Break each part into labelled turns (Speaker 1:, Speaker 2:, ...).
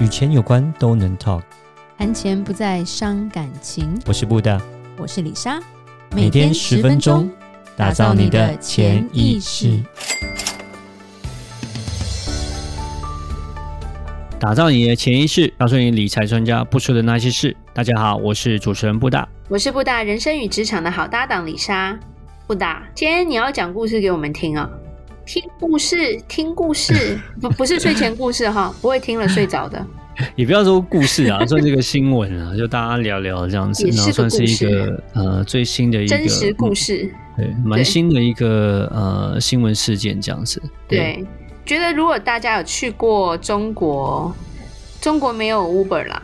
Speaker 1: 與錢有關都能 talk，
Speaker 2: 談錢不再傷感情。我是布大，我是里莎，
Speaker 1: 每天十分鐘，打造你的錢意識，打造你的錢意,意識，告訴你理財專家不說的那些事。大家好，我是主持人布大，
Speaker 2: 我是布大，人生與職場的好搭檔里莎。布大，今天你要講故事給我們聽啊、哦！聽故事，聽故事，不不是睡前故事哈、 喔，不會聽了睡着的。
Speaker 1: 也不要說故事啊，說這個新聞啊， 就大家聊聊這樣子，那算是一個呃最新的一個真實故事，嗯、對，蠻新的一個呃新聞事件這樣子
Speaker 2: 對。對，覺得如果大家有去過中國，中國沒有 Uber 啦，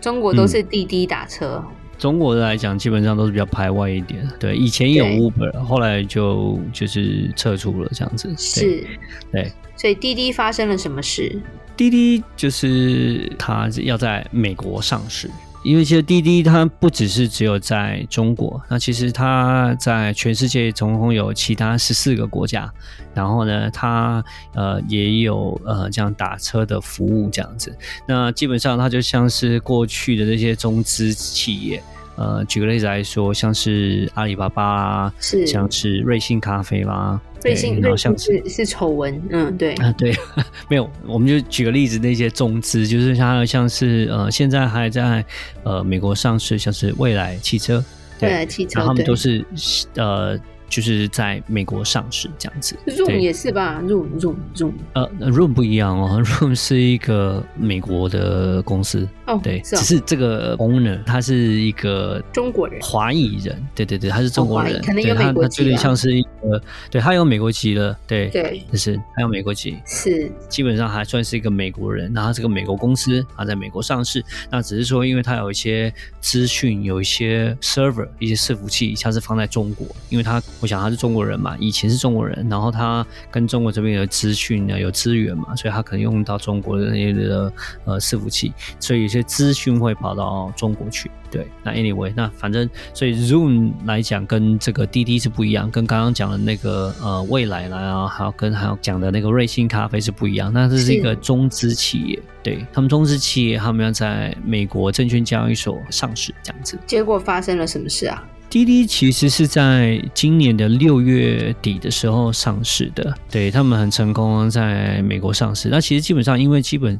Speaker 2: 中國都是滴滴打車。嗯
Speaker 1: 中國來講，基本上都是比較排外一點。對，以前有 Uber，後來就就是撤出了這樣子。是，對。
Speaker 2: 所以滴滴發生了什麼事？滴滴
Speaker 1: 就是它要在美國上市，因為其實滴滴它不只是只有在中國，那其實它在全世界總共有其他十四個國家，然後呢，它呃也有呃這樣打車的服務這樣子。那基本上它就像是過去的那些中資企業。呃，舉個例子來說，像是阿里巴巴，是像，是瑞幸咖啡啦，瑞幸，然後像是
Speaker 2: 是醜聞，嗯，對，啊，
Speaker 1: 對，呵呵，沒有，我們就舉個例子，那些中資，就是像像是呃，現在還在呃美國上市，像是蔚來汽車，蔚來、啊、
Speaker 2: 汽車，他們都是
Speaker 1: 呃。就是在美國上市這樣子 Room 也
Speaker 2: 是吧 Room Room
Speaker 1: Room、uh, 呃 Room 不一樣哦 Room 是一個美國的公司，oh, 對、啊，只是這個 Owner 他是一個中國人，華裔人，對對對，他是中國人，他他有點像是一個，對，他有美國籍的，對對，就是他有美國籍，是基本上還算是一個美國人，然後他是個美國公司，他在美國上市，那只是說，因為他有一些資訊，有一些 Server，一些伺服器，像是放在中國，因為他。我想他是中國人嘛，以前是中國人，然後他跟中國這邊有資訊啊，有資源嘛，所以他可能用到中國的那些的呃伺服器，所以有些資訊會跑到中國去。對，那 anyway，那反正所以 Zoom 來講跟這個滴滴是不一樣，跟剛剛講的那個呃未來啦來啊，還有跟還有講的那個瑞幸咖啡是不一樣。那這是一個中資企業，對他們中資企業他們要在美國證券交易所上市這樣子。
Speaker 2: 結果發生了什麼事啊？
Speaker 1: 滴滴其實是在今年的六月底的時候上市的，對，他們很成功，在美國上市。那其實基本上，因為基本，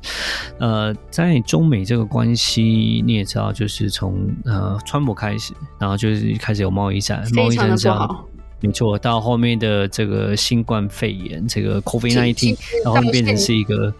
Speaker 1: 呃，在中美這個關係，你也知道，就是從呃川普開始，然後就是開始有貿易戰、貿易戰之後沒錯，到後面的這個新冠肺炎這個 COVID-19，然後變成是一個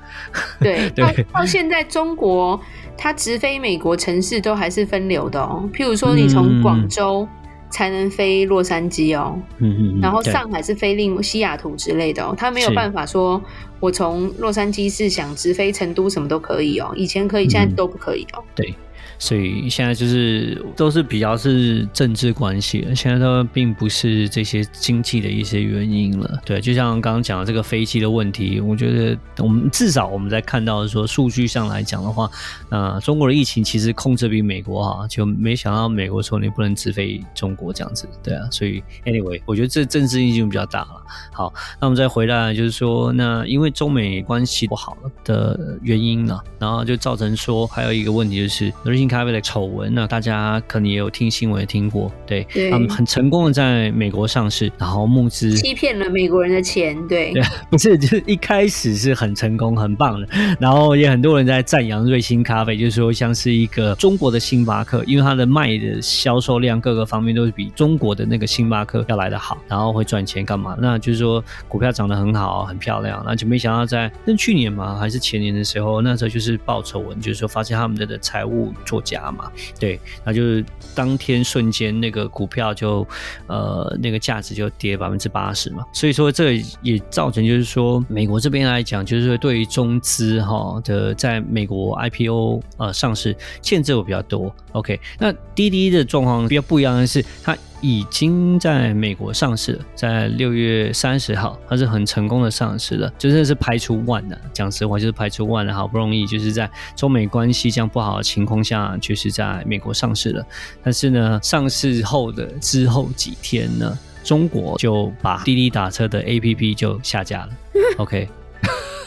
Speaker 2: 對到 到現在中國它直飛美國城市都還是分流的哦，譬如說你從廣州。嗯才能飛洛杉磯哦、喔嗯，然後上海是飛另西雅圖之類的哦、喔，他沒有辦法說我從洛杉磯是想直飛成都什麼都可以哦、喔，以前可以、嗯，現在都不可以哦、喔。對。
Speaker 1: 所以現在就是都是比較是政治關係了，現在它並不是這些經濟的一些原因了。對，就像剛剛講的這個飛機的問題，我覺得我們至少我們在看到的說數據上來講的話，呃，中國的疫情其實控制比美國好，就沒想到美國說你不能直飛中國這樣子，對啊。所以 anyway，我覺得這政治因素比較大了。好，那我們再回來就是說，那因為中美關係不好的原因呢，然後就造成說還有一個問題就是咖啡的醜聞，呢，大家可能也有聽新聞也聽過，對，他們、嗯、很成功的在美國上市，然後募資，欺
Speaker 2: 騙了美國人的錢對，對，
Speaker 1: 不是，就是一開始是很成功，很棒的，然後也很多人在讚揚瑞幸咖啡，就是說像是一個中國的星巴克，因為它的賣的銷售量各個方面都是比中國的那個星巴克要來得好，然後會賺錢幹嘛？那就是說股票漲得很好，很漂亮，那就沒想到在那去年嘛還是前年的時候，那時候就是爆醜聞，就是說發現他們的財務做。加嘛，對，那就是當天瞬間那個股票就呃，那個價值就跌百分之八十嘛，所以說，這也造成就是說美國這邊來講，就是說對於中資哈的在美國 IPO 呃上市限制會比較多。OK，那滴滴的狀況比較不一樣的是它已經在美國上市了，在六月三十號，它是很成功的上市了，真的是排除萬難。講實話，就是排除萬難，好不容易就是在中美關係這樣不好的情況下，就是在美國上市了。但是呢，上市後的之後幾天呢，中國就把滴滴打車的 APP 就下架了。 OK。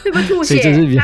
Speaker 2: 這個吐血是這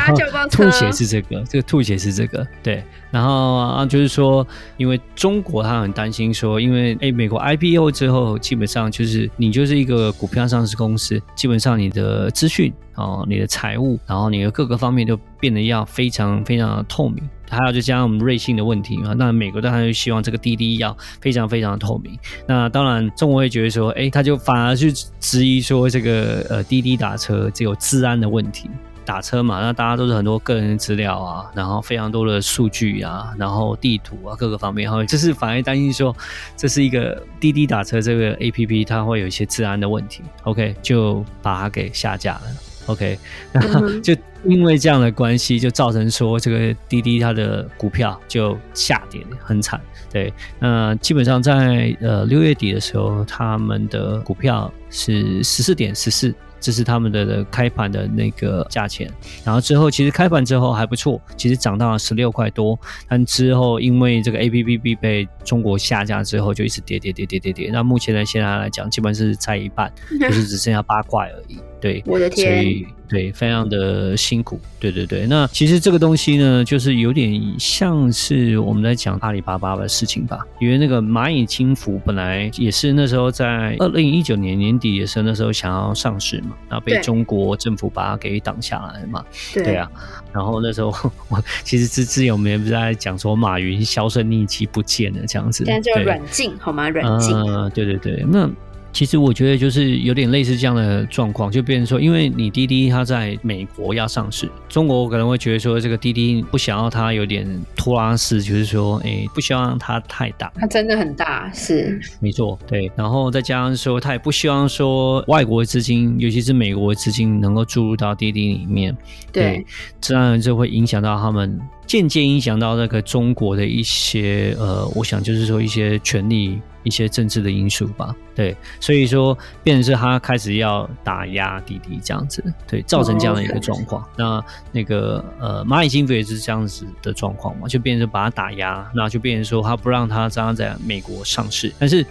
Speaker 2: 個，吐血是
Speaker 1: 這個，這個吐血是這個，對。然後啊，就是說，因為中國他很擔心說，因為哎，美國 IPO 之後，基本上就是你就是一個股票上市公司，基本上你的資訊哦，你的財務，然後你的各個方面都變得要非常非常的透明。還有就加上我們瑞幸的問題啊，那美國當然就希望這個滴滴要非常非常的透明。那當然，中國會覺得說，哎，他就反而去質疑說這個呃滴滴打車只有資安的問題。打車嘛，那大家都是很多個人資料啊，然後非常多的數據啊，然後地圖啊，各個方面，然後就是反而擔心說，這是一個滴滴打車這個 APP，它會有一些治安的問題，OK，就把它給下架了，OK，然後就因為這樣的關係，就造成說這個滴滴它的股票就下跌很慘，對，那基本上在呃六月底的時候，他們的股票是十四點十四。這是他們的，的開盤的那個價錢，然後之後其實開盤之後還不錯，其實漲到了十六塊多，但之後因為這個 A P P b 被中國下架之後就一直跌跌跌跌跌跌，那目前呢現在來講基本上是在一半，就是只剩下八塊而已， 對，我的天。所以對，非常的辛苦。對對對，那其實這個東西呢，就是有點像是我們在講阿里巴巴的事情吧，因為那個螞蟻金服本來也是那時候在二零一九年年底也是那時候想要上市嘛，然後被中國政府把它給擋下來嘛。對，對啊，然後那時候我其實之之前我們也不是在講說馬雲銷聲匿跡不見了這樣子，但就叫軟
Speaker 2: 禁好嗎？軟禁。
Speaker 1: 嗯、呃，對對對，那。其實我覺得就是有點類似這樣的狀況，就變成說，因為你滴滴它在美國要上市，中國我可能會覺得說，這個滴滴不想要它有點托拉斯，就是說，哎，不希望它太大。
Speaker 2: 它真的很大，是
Speaker 1: 沒錯，對。然後再加上說，他也不希望說外國的資金，尤其是美國的資金能夠注入到滴滴裡面，對，對，這樣就會影響到他們。間接影響到那個中國的一些呃，我想就是說一些權力、一些政治的因素吧。對，所以說變成是他開始要打壓滴滴這樣子，對，造成這樣的一個狀況。Oh, okay. 那那個呃，螞蟻金服也是這樣子的狀況嘛，就變成把他打壓，那就變成說他不讓他在在美國上市，但是。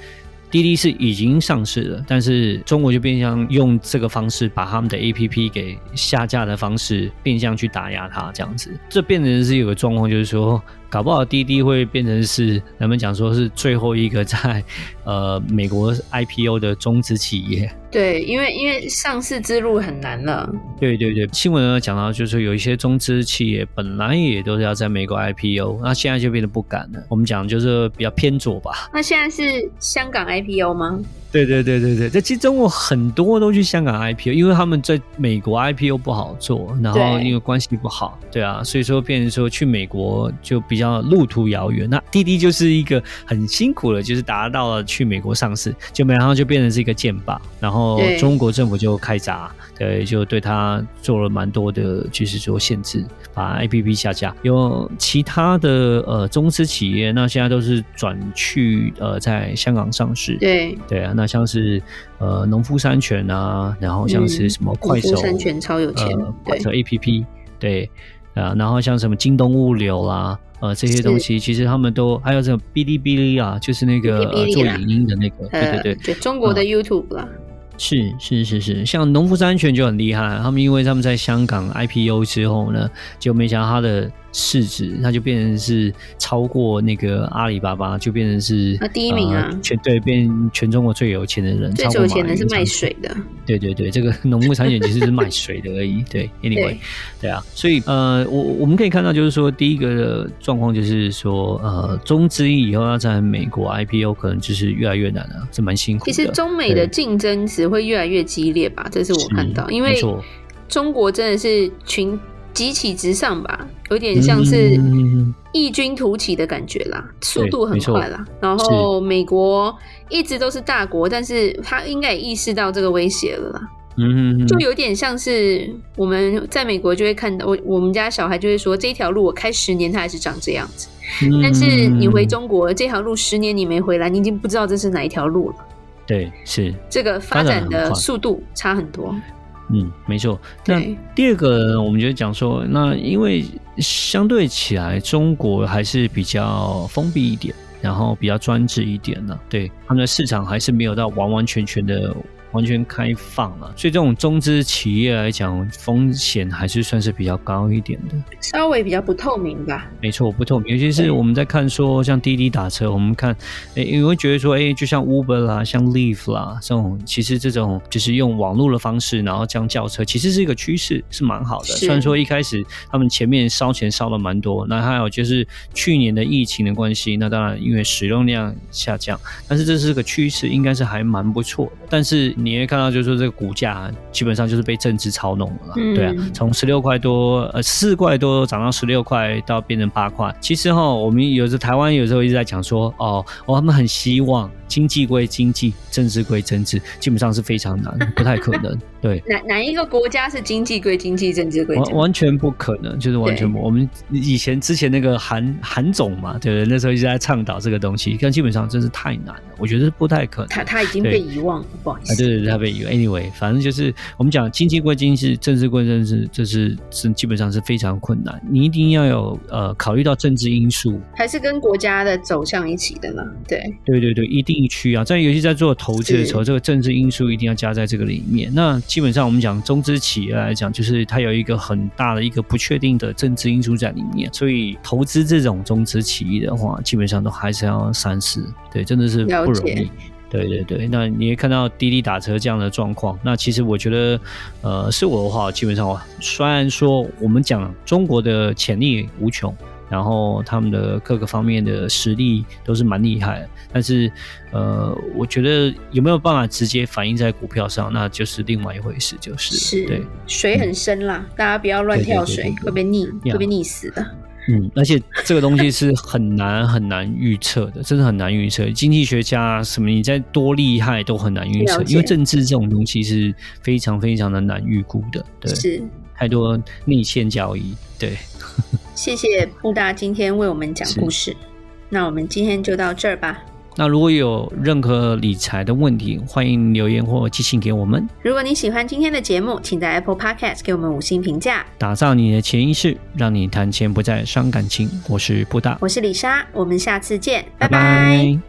Speaker 1: 滴滴是已經上市了，但是中國就變相用這個方式把他們的 APP 給下架的方式，變相去打壓它這樣子，這變成是有一個狀況，就是說。搞不好滴滴會變成是咱們講說是最後一個在呃美國 IPO 的中資企業。
Speaker 2: 對，因為因為上市之路很難了。
Speaker 1: 對對對，新聞呢講到就是有一些中資企業本來也都是要在美國 IPO，那現在就變得不敢了。我們講就是比較偏左吧。
Speaker 2: 那現在是香港 IPO 嗎？
Speaker 1: 對對對對對，這其實中國很多都去香港 IPO，因為他們在美國 IPO 不好做，然後因為關係不好對，對啊，所以說變成說去美國就比較路途遙遠。那滴滴就是一個很辛苦的，就是達到了去美國上市，就沒然後就變成是一個箭靶，然後中國政府就開閘，對，就對他做了蠻多的，就是說限制，把 APP 下架。有其他的呃中資企業，那現在都是轉去呃在香港上市，對對啊。那像是呃農夫山泉啊，然後像是什麼快手，嗯、農夫山泉超有錢，的、呃、快手 A P P 對啊、呃，然後像什麼京東物流啦，呃這些東西，其實他們都還有這個嗶哩嗶哩啊，就是那個嗶哩嗶哩、呃、做影音的那個、呃，對對對，就
Speaker 2: 中國的 YouTube 啦，呃、
Speaker 1: 是是是是，是，像農夫山泉就很厲害，他們因為他們在香港 I P O 之後呢，就沒想到他的。市值，那就變成是超過那個阿里巴巴，就變成是第一名啊，呃、全對，變全中國最有錢的人。最有錢人是賣水的？對對對，這個農牧產業其實是賣水的而已。 對，Anyway，對，對啊，所以呃，我我們可以看到，就是說第一個狀況就是說，呃，中資一以後要在美國 IPO，可能就是越來越難了，是蠻辛苦的。其實中美的
Speaker 2: 競爭只會越來越激烈吧？這是我看到，因為沒錯，中國真的是群。急起直上吧，有點像是異軍突起的感覺啦，嗯、速度很快啦。然後美國一直都是大國，是但是他應該也意識到這個威脅了啦。嗯，就有點像是我們在美國就會看到，我我們家小孩就會說，這一條路我開十年，它還是長這樣子。
Speaker 1: 嗯。但是你回中
Speaker 2: 國，這條路十年你沒回來，你已經不知道這是哪一條路了。
Speaker 1: 對，是。這個發展的速
Speaker 2: 度差很多。
Speaker 1: 嗯，沒錯。那第二個，我們就講說，那因為相對起來，中國還是比較封閉一點，然後比較專制一點的。啊，對，他們的市場還是沒有到完完全全的完全開放了，所以這種中資企業來講，風險還是算是比較高一點的，
Speaker 2: 稍微比較不透明吧。
Speaker 1: 沒錯，不透明。尤其是我們在看說，像滴滴打車，我們看，欸，你會覺得說，欸，就像 Uber 啦，像 Lyft 啦，這種其實這種就是用網絡的方式，然後這樣叫車，其實是一個趨勢，是蠻好的。雖然說一開始他們前面燒錢燒了蠻多，那還有就是去年的疫情的關係，那當然因為使用量下降，但是這是個趨勢，應該是還蠻不錯的。但是你也看到，就是說這個股價基本上就是被政治操弄了嘛、嗯、對啊，從十六塊多，呃，四塊多漲到十六塊，到變成八塊。其實哈，我們有時候台灣有時候一直在講說，哦，我、哦、們很希望經濟歸經濟，政治歸政治，基本上是非常難，不太可能。 對，
Speaker 2: 哪哪一個國家是經濟歸經濟，政治歸政治？完
Speaker 1: 全不可能，就是完全不。我們以前之前那個韓韓總嘛，對不對？那時候一直在倡導這個東西，但基本上真是太難了。我覺得是不太可能。他他已經被遺忘了，對，不好意思。對，他會 anyway，反正就是我們講經濟歸經濟，政治歸政治，這、就是是基本上是非常困難。你一定要有呃考慮到政治因素，
Speaker 2: 還是跟國家的走向一起的呢？對，
Speaker 1: 對對對，一定需要在尤其在做投資的時候，這個政治因素一定要加在這個裡面。那基本上我們講中資企業來講，就是它有一個很大的一個不確定的政治因素在裡面，所以投資這種中資企業的話，基本上都還是要三思。對，真的是不容易。對對對，那你也看到滴滴打車這樣的狀況。那其實我覺得，呃，是我的話，基本上，雖然說我們講中國的潛力無窮，然後他們的各個方面的實力都是蠻厲害的，但是，呃，我覺得有沒有辦法直接反映在股票上，那就是另外一回事，就是，是對
Speaker 2: 水很深啦，嗯，大家不要亂跳水，對對對對對對對，會被溺會被溺死的。
Speaker 1: 嗯，而且這個東西是很難很難預測的， 真的很難預測。經濟學家什麼，你在多厲害都很難預測，因為政治這種東西是非常非常的難預估的。對，是。太多內線交易。對，
Speaker 2: 謝謝布大今天為我們講故事。那我們今天就到這兒吧。
Speaker 1: 那如果有任何理財的問題，歡迎留言或寄信給我們。
Speaker 2: 如果你喜歡今天的節目，請在 Apple Podcast 給我們五星評價。
Speaker 1: 打造你的錢意識，讓你談錢不再傷感情。我是布大，我
Speaker 2: 是里莎，我們下次見，拜拜。拜拜。